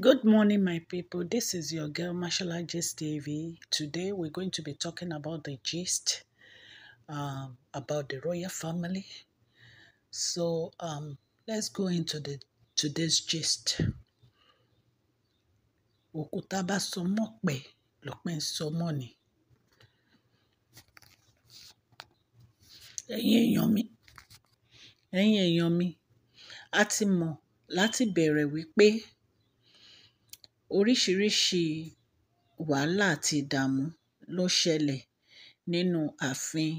Good morning, my people. This is your girl Marshalla Gist TV. Today we're going to be talking about the gist um, about the royal family. So um, let's go into the today's gist. Òkúta bá so mọ́ pé lópin so mọ́ Ati mo, lati mi, ẹ̀yin oríṣìíríṣìí wàhálà àti ìdààmú ló ṣẹlẹ̀ nínú ààfin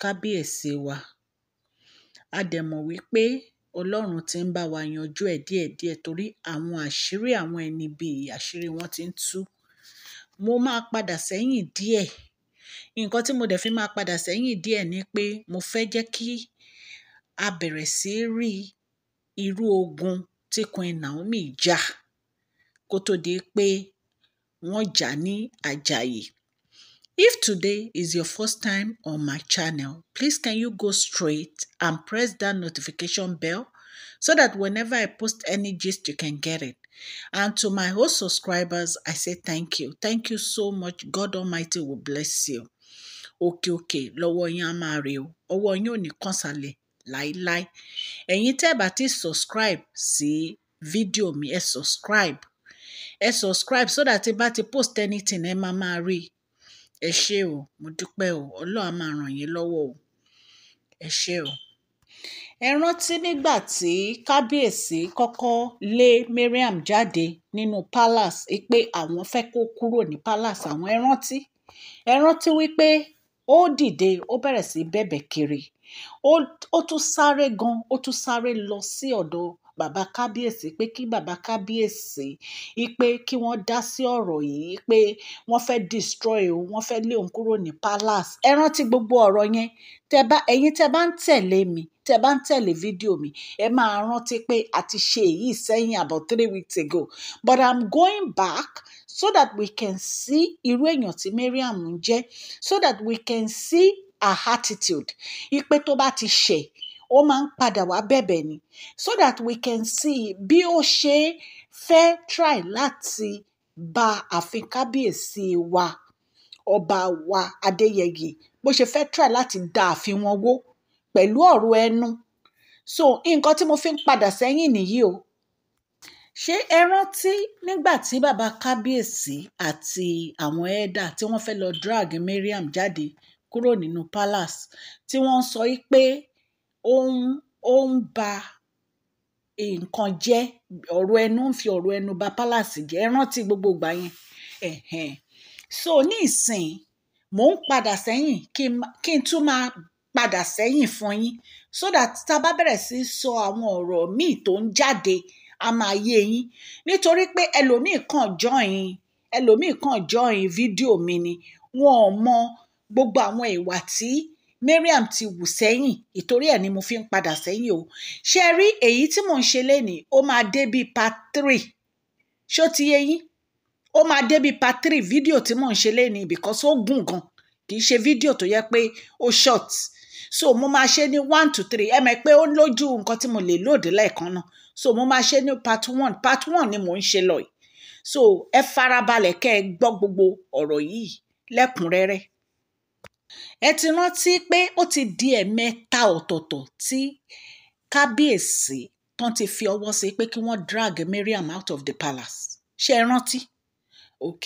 kábíyèsí wa. A dẹ̀ mọ̀ wípé Ọlọ́run ti ń bá wa yanjú ẹ̀ díẹ̀díẹ̀ torí àwọn àṣírí àwọn ẹni bí àṣírí wọn ti ń tú. Mo máa padà sẹ́yìn díẹ̀. Ǹkan tí mo dẹ̀ fi máa padà sẹ́yìn díẹ̀ ni pé mo fẹ́ jẹ́ kí a bẹ̀rẹ̀ sí rí irú ogun tí Queen Naomi jà. Ja kó tó di pé wọ́n jà ní àjàyè. If today is your first time on my channel, please can you go straight and press that notification bell so that whenever I post any gist, you can get it. And to my whole subscribers, I say thank you. Thank you so much. God Almighty will bless you. Okay, okay. lọ́wọ́ yín á máa rè o, ọwọ́ yín ò ní kàn sálẹ̀ láíláí. Ẹ̀yin tẹ́ bá ti subscribe sí fídíò mi, ẹ subscribe ẹ subscribe so that tí bá ti post anything ẹ máa máa rí ẹ ṣé o mo dúpẹ́ o ọlọ́run á máa ràn yín lọ́wọ́ o ẹ ṣé o. ẹ rántí nígbà tí kábíyèsí kọ́kọ́ lé Mariam jáde nínú palace pé àwọn fẹ́ kó kúrò ní palace àwọn ẹ rántí ẹ rántí wípé ó dìde ó bẹ̀rẹ̀ sí bẹ̀bẹ̀ kiri ó tún sáré gan ó tún sáré lọ sí ọ̀dọ̀ bàbá kábíyèsí pé kí bàbá kábíyèsí ipe kí wọ́n dá sí ọ̀rọ̀ yìí pé wọ́n fẹ́ destroy òun wọ́n fẹ́ lé òun kúrò ní palace ẹ rántí gbogbo ọ̀rọ̀ yẹn tẹ bá ẹ̀yin tẹ bá ń tẹ̀lé mi tẹ bá ń tẹ̀lé fídíò mi ẹ máa rántí pé a ti ṣe èyí sẹ́yìn about three weeks ago but i'm going back so that we can see irú èèyàn tí Mariam ń jẹ́ so that we can see her attitude ipe tó bá ti ṣe ó máa ń padà wá bẹ̀bẹ̀ ni so that we can see bí ó ṣe fẹ́ try láti ba ààfin kábíyèsí wa ọba wa adéyẹyè bó ṣe fẹ́ try láti da ààfin wọn wó pẹ̀lú ọ̀rọ̀ ẹnu so nǹkan tí mo fi ń padà sẹ́yìn nìyí o ṣé ẹ rántí nígbà tí bàbá kábíyèsí àti àwọn ẹ̀dà tí wọ́n fẹ́ lọ drag Mariam jáde kúrò nínú palace tí wọ́n sọ pé ó ń ó ń ba nǹkan jẹ́ ọ̀rọ̀ ẹnu ń fi ọ̀rọ̀ ẹnu ba palace jẹ́ ẹ rántí gbogbo ìgbà yẹn ẹ̀hẹ̀n so ní ìsìn mò ń padà sẹ́yìn kí n tún máa padà sẹ́yìn fún yín so that tá a bá bẹ̀rẹ̀ sí sọ àwọn ọ̀rọ̀ míì tó ń jáde a máa yé yín nítorí pé ẹlòmíì kàn join ẹlòmíì kàn join fídíò mi ni wọn ò mọ gbogbo àwọn ìwà tí Mariam ti wù sẹ́yìn ìtorí ẹ̀ ni mo fi ń padà sẹ́yìn o ṣe rí èyí tí mò ń ṣe lénìí ó máa dé bíi part three ṣó ti yé yín ó máa dé bíi part three fídíò tí mò ń ṣe lénìí because ó gùn gan kì í ṣe fídíò tó yẹ pé ó short so mo máa ṣe ní one to three ẹ mọ̀ pé ó lójú nǹkan tí mo lè lóde lẹ́ẹ̀kan náà so mo máa ṣe ní part one part one ni mò ń ṣe lọ so ẹ farabalẹ̀ kẹ́ ẹ gbọ́ gbogbo ọ̀rọ̀ yìí lẹ́kùnrẹ́rẹ́ ẹ ti rántí pé ó ti di ẹ̀mẹ́ta ọ̀tọ̀ọ̀tọ̀ tí kábíyèsí tán ti fi ọwọ́ sí pé kí wọ́n drag Mariam out of the palace ṣé ẹ rántí ok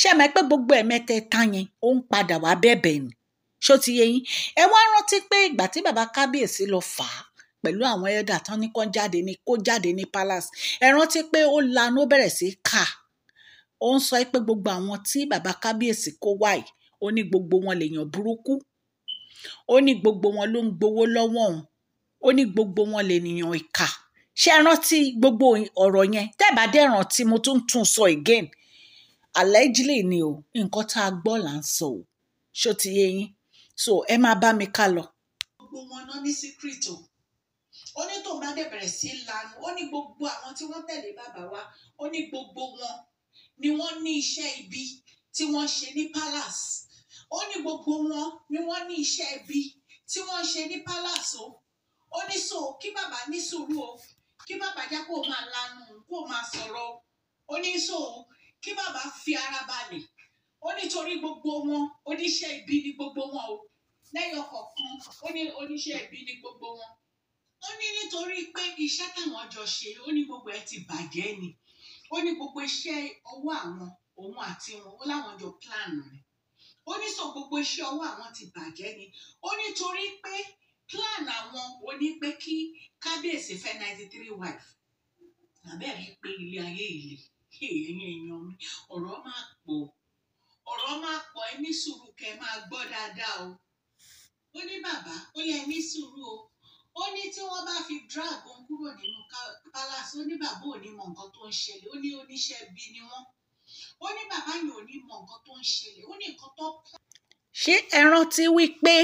ṣé mọ̀ pé gbogbo ẹ̀mẹ́tẹ̀ẹ̀ta yẹn ó ń padà wá bẹ̀bẹ̀ ni ṣó ti yé yín ẹ wá rántí pé ìgbà tí bàbá kábíyèsí lọ fà á pẹ̀lú àwọn ẹ̀dà tán ní kó jáde ní kó jáde ní palace ẹ rántí pé ó lanu ó bẹ̀rẹ̀ sí kà ó ń sọ pé gbogbo àwọn tí bàbá kábíyèsí kó wáyìí ó ní gbogbo wọn lèèyàn burúkú ó ní gbogbo wọn ló ń gbowó lọ́wọ́ òun ó ní gbogbo wọn lèèyàn ìkà ṣé ẹ rántí gbogbo ọ̀rọ̀ yẹn tẹ́ẹ̀bá dẹ́ rántí mo tún tún sọ again allegedly ni o nǹkan tá a gbọ́ là ń sọ o ṣó ti yé yín so ẹ máa bá mi ká lọ. gbogbo wọn náà ní secret o ó ní tóun bá dẹ̀ bẹ̀rẹ̀ sí lanu ó ní gbogbo àwọn tí wọ́n tẹ̀lé bàbá wa ó ní gbogbo wọn ni wọ́n ní iṣẹ́ ibi tí wọ́n ṣe ní palace ó ní gbogbo wọn ni wọ́n ní iṣẹ́ ibi tí wọ́n ṣe ní palace ó ní so kí bàbá ní sùúrù o kí bàbá já kó máa lanu kó máa sọ̀rọ̀ ó ní so kí bàbá fi ara balẹ̀ ó nítorí gbogbo wọn oníṣẹ́ ibi ni gbogbo wọn o lẹ́yìn ọ̀kọ̀ọ̀kan ó ní oníṣẹ́ ibi ni gbogbo wọn ó ní nítorí pé iṣẹ́ táwọn jọ ṣe ó ní gbogbo ẹ ti bàjẹ́ ni ó ní gbogbo iṣẹ́ ọwọ́ àwọn òun àti wọn ó láwọn jọ plan rẹ̀ ó ní sọ gbogbo iṣẹ́ ọwọ́ àwọn ti bàjẹ́ ni ó nítorí pé plan àwọn ò ní pé kí kábíyèsí fẹ́ ninety three wife àbẹ́rẹ́ pé ilé ayé ilé èèyàn èèyàn mi ọ̀rọ̀ máa pọ̀ ọ̀rọ̀ máa pọ̀ ẹ sùúrù kẹ́ máa gbọ́ dáadáa o ó ní bàbá ó yẹ ní sùúrù o ó ní tí wọ́n bá fi drag òun kúrò nínú palace ó ní bàbá ò ní mọ nǹkan tó ń ṣẹlẹ̀ ó ní oníṣẹ́ bí ni wọ́n ó ní bàbá yìí ò ní mọ nǹkan tó ń ṣẹlẹ̀ ó ní nǹkan tó. ṣé ẹ rántí wípé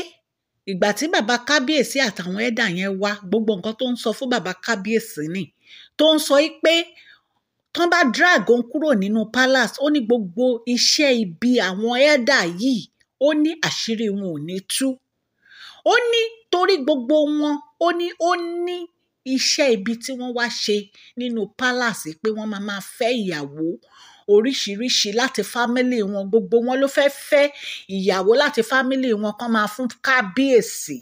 ìgbà tí bàbá kábíyèsí àtàwọn ẹ̀dà yẹn wá gbogbo nǹkan tó ń sọ fún bàbá kábíyèsí ni tó ń sọ pé tán bá drag kúrò nínú palace ó ní gbogbo iṣẹ́ ibi àwọn ẹ̀dà yìí ó ní àṣírí wọn ò ní tú ó ní torí gbogbo wọn ó ní ó ní iṣẹ́ ibi tí wọ́n wá ṣe nínú palace pé wọ́n máa máa fẹ́ ìyàwó oríṣiríṣi láti fámílì wọn gbogbo wọn ló fẹ́ẹ́ fẹ́ ìyàwó láti fámílì wọn kan máa fún kábíyèsí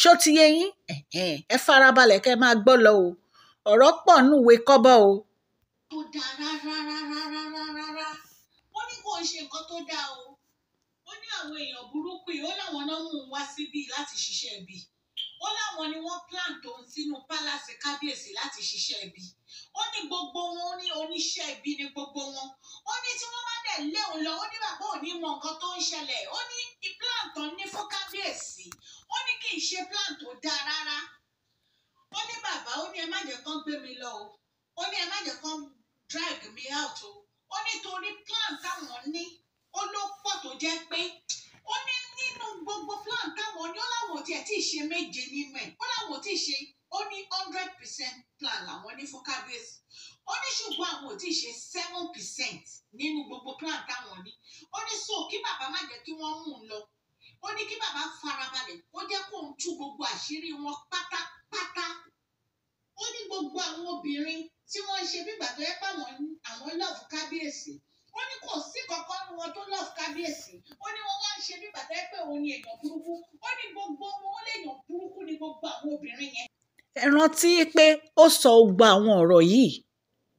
ṣó ti yé yín ẹ farabalẹ̀ kẹ́ máa gbọ́ lọ o ọ̀rọ̀ pọ̀ núwèé kọ́bọ̀ o. kò dáa rárá rárá rárá rárá wọ́n ní kò ń ṣe nǹkan tó dáa o ó ní àwọn èèyàn burúkú yìí ó láwọn náà mú un wá síbí láti ṣiṣẹ́ bíi ó láwọn ni wọ́n plan tó ń sínú pálásì kábíyèsí láti ṣiṣẹ́ ibi ó ní gbogbo wọn ó ní oníṣẹ́ ibi ní gbogbo wọn ó ní tí wọ́n bá dẹ̀ lé òun lọ ó ní bàbá òní mọ nǹkan tó ń ṣẹlẹ̀ ó ní plan tó ní fún kábíyèsí ó ní kì í ṣe plan tó dáa rárá ó ní bàbá ó ní ẹ má jẹ́ kán gbé mi lọ o ó ní ẹ má jẹ́ kán drag me out o ó ní torí plan táwọn ní ó ló pọ̀ tó jẹ́ pé ó ní gbogbo plan táwọn ní ó láwọn ò tiẹ̀ tí ì ṣe méje nínú ẹ̀ ó láwọn tí ṣe ó ní hundred percent plan làwọn ní fún kábíyèsí ó ní ṣùgbọ́n àwọn ò tí ṣe seven percent nínú gbogbo plan táwọn ní ó ní so kí bàbá má jẹ́ kí wọ́n mú un lọ ó ní kí bàbá farabalẹ̀ ó jẹ́ kó ń tú gbogbo àṣírí wọn pátápátá ó ní gbogbo àwọn obìnrin tí wọ́n ń ṣe bí gbàgbé pàwọn àwọn lọ́ọ̀fù kábíyèsí ó ní kò sí kankan wọn tó ní èèyàn burúkú ó ní gbogbo wọn ó léèyàn burúkú ní gbogbo àwọn obìnrin yẹn. ẹ rántí pé ó sọ gbogbo àwọn ọ̀rọ̀ yìí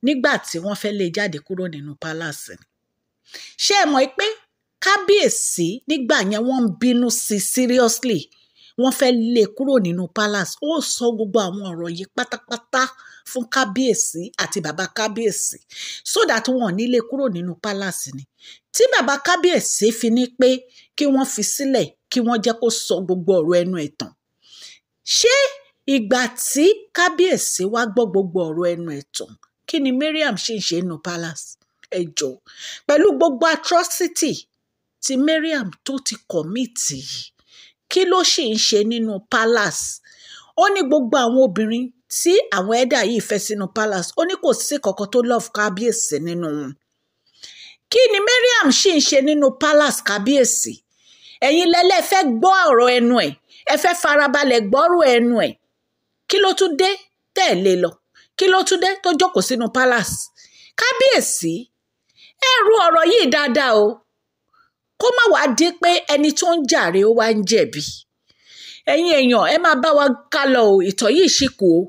nígbà tí wọ́n fẹ́ lé e jáde kúrò nínú pálásì ṣé ẹ mọ̀ pé kábíyèsí nígbà yẹn wọ́n ń bínú sí seriously wọ́n fẹ́ lé e kúrò nínú palace ó sọ gbogbo àwọn ọ̀rọ̀ yìí pátápátá fún kábíyèsí àti bàbá kábíyèsí so that wọn ò ní lé e kúrò nínú palace ni tí bàbá kábíyèsí fi ní pé kí wọ́n fi sílẹ̀ kí wọ́n jẹ́ kó sọ gbogbo ọ̀rọ̀ ẹnu ẹ̀ tán ṣé ìgbà tí kábíyèsí wá gbọ́ gbogbo ọ̀rọ̀ ẹnu ẹ̀ tán kí ni Mariam ṣì ń ṣe nínú palace ẹ jọ̀ọ́ pẹ̀lú gbogbo atrocity tí Mariam tó ti kọ̀mìtì yìí kí ló sì ń ṣe nínú palace ó ní gbogbo àwọn obìnrin tí àwọn ẹ̀dà yìí fẹ́ sínú palace ó ní kò sí kankan tó love kábíyèsí nínú wọn kí ni Mariam sì ń ṣe nínú palace kábíyèsí ẹ̀yin lẹ́lẹ́ fẹ́ gbọ́ ọ̀rọ̀ ẹnu ẹ̀ ẹ fẹ́ farabalẹ̀ gbọ́rọ̀ ẹnu ẹ̀ kí ló tún dé tẹ̀lé lọ kí ló tún dé tó jókòó sínú palace kábíyèsí ẹ ru ọ̀rọ̀ yìí dáadáa o kó má wàá di pé ẹni tó ń jàre ó wá ń jẹ̀bi ẹ̀yin èèyàn ẹ máa bá wa ká lọ o ìtọ̀ yìí ṣì kù o.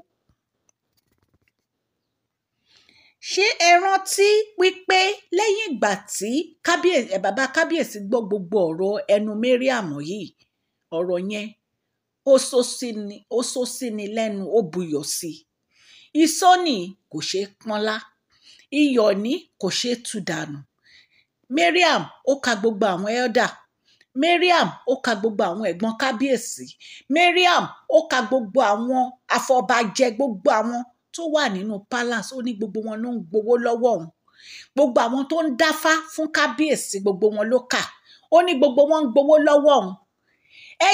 ṣé ẹ rántí wípé lẹ́yìn ìgbà tí bàbá kábíyèsí gbọ́ gbogbo ọ̀rọ̀ ẹnu Mariam yìí ọ̀rọ̀ yẹn ó sọ sí ni lẹ́nu ó buyọ̀ sí i ìsọ́nì kò ṣeé pọ́nlá iyọ̀ ní kò ṣeé tú dànù mariam ó ka gbogbo àwọn elder mariam ó ka gbogbo àwọn ẹ̀gbọ́n kábíyèsí mariam ó ka gbogbo àwọn afọbajẹ gbogbo àwọn tó wà nínú palace ó ní gbogbo wọn ló ń gbowó lọ́wọ́ òun gbogbo àwọn tó ń dáfá fún kábíyèsí gbogbo wọn ló kà ó ní gbogbo wọn ń gbowó lọ́wọ́ òun ẹ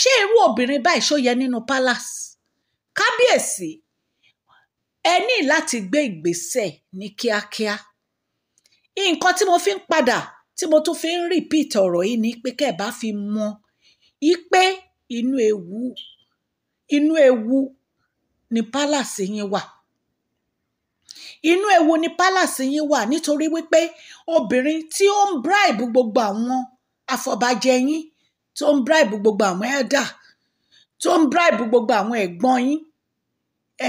ṣé irú obìnrin báyìí ṣó yẹ nínú palace kábíyèsí ẹ ní láti gbé ìgbésẹ̀ ní kíákíá nǹkan tí mo fi ń padà tí mo tún fi ń repeat ọ̀rọ̀ yìí ni pé kẹ́ ẹ̀ bá fi mọ ipe inú ewu inú ewu ni pálàsì yín wà inú ewu ni pálàsì yín wà nítorí wípé obìnrin tí ó ń bribe gbogbo àwọn afọbajẹ yín tó ń bribe gbogbo àwọn elder tó ń bribe gbogbo àwọn ẹ̀gbọ́n yín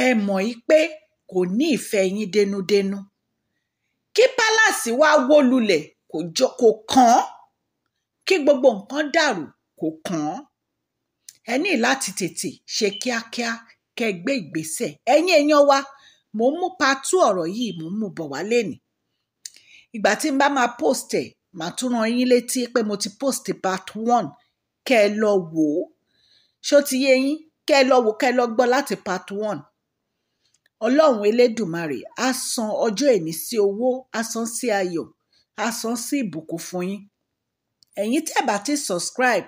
ẹ mọ̀ yí pé kò ní ìfẹ́ yín dénúdénú kí palace wá wó lulẹ̀ kò jọ kò kàn án kí gbogbo nǹkan dàrú kò kàn án ẹ ní láti tètè ṣe kíákíá kẹ́ ìgbésẹ̀ ẹ̀yin èèyàn wa mò ń mú patú ọ̀rọ̀ yìí mò ń mú bọ̀ wá lẹ́nìí ìgbà tí n bá máa post ẹ̀ màá tún ran yín létí pé mo ti post part one kẹ́ ẹ lọ wò ó ṣó ti yé yín kẹ́ ẹ lọ wò kẹ́ ẹ lọ gbọ́ láti part one ọlọ́run elédùmarè á san ọjọ́ ẹ̀ní sí owó á san sí ayọ̀ á san sí ìbùkún fún yín ẹ̀yin tẹ́ bá ti subscribe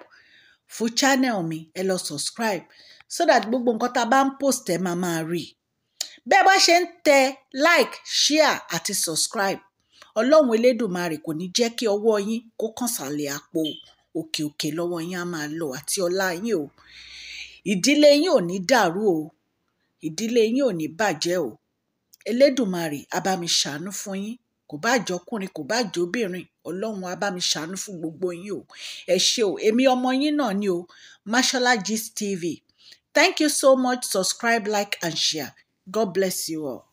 fún channel mi ẹ lọ subscribe so that gbogbo nǹkan tá a bá ń post ẹ máa máa rí i bẹ́ẹ̀ bá ṣe ń tẹ like share àti subscribe ọlọ́run elédùmarè kò ní jẹ́ kí ọwọ́ yín kó kàn sàlẹ̀ àpò òkè òkè lọ́wọ́ yín á máa lọ àti ọlá yín o ìdílé yín ò ní dàrú o ìdílé yín ò ní bàjẹ́ o elédùnmarè á bá mi ṣàánú fún yín kò bá jọkùnrin kò bá jọbìnrin ọlọ́run á mi ṣàánú fún gbogbo yín o ẹ ṣé o èmi ọmọ yín náà ni o Mashola Gist TV thank you so much subscribe like and share god bless you all.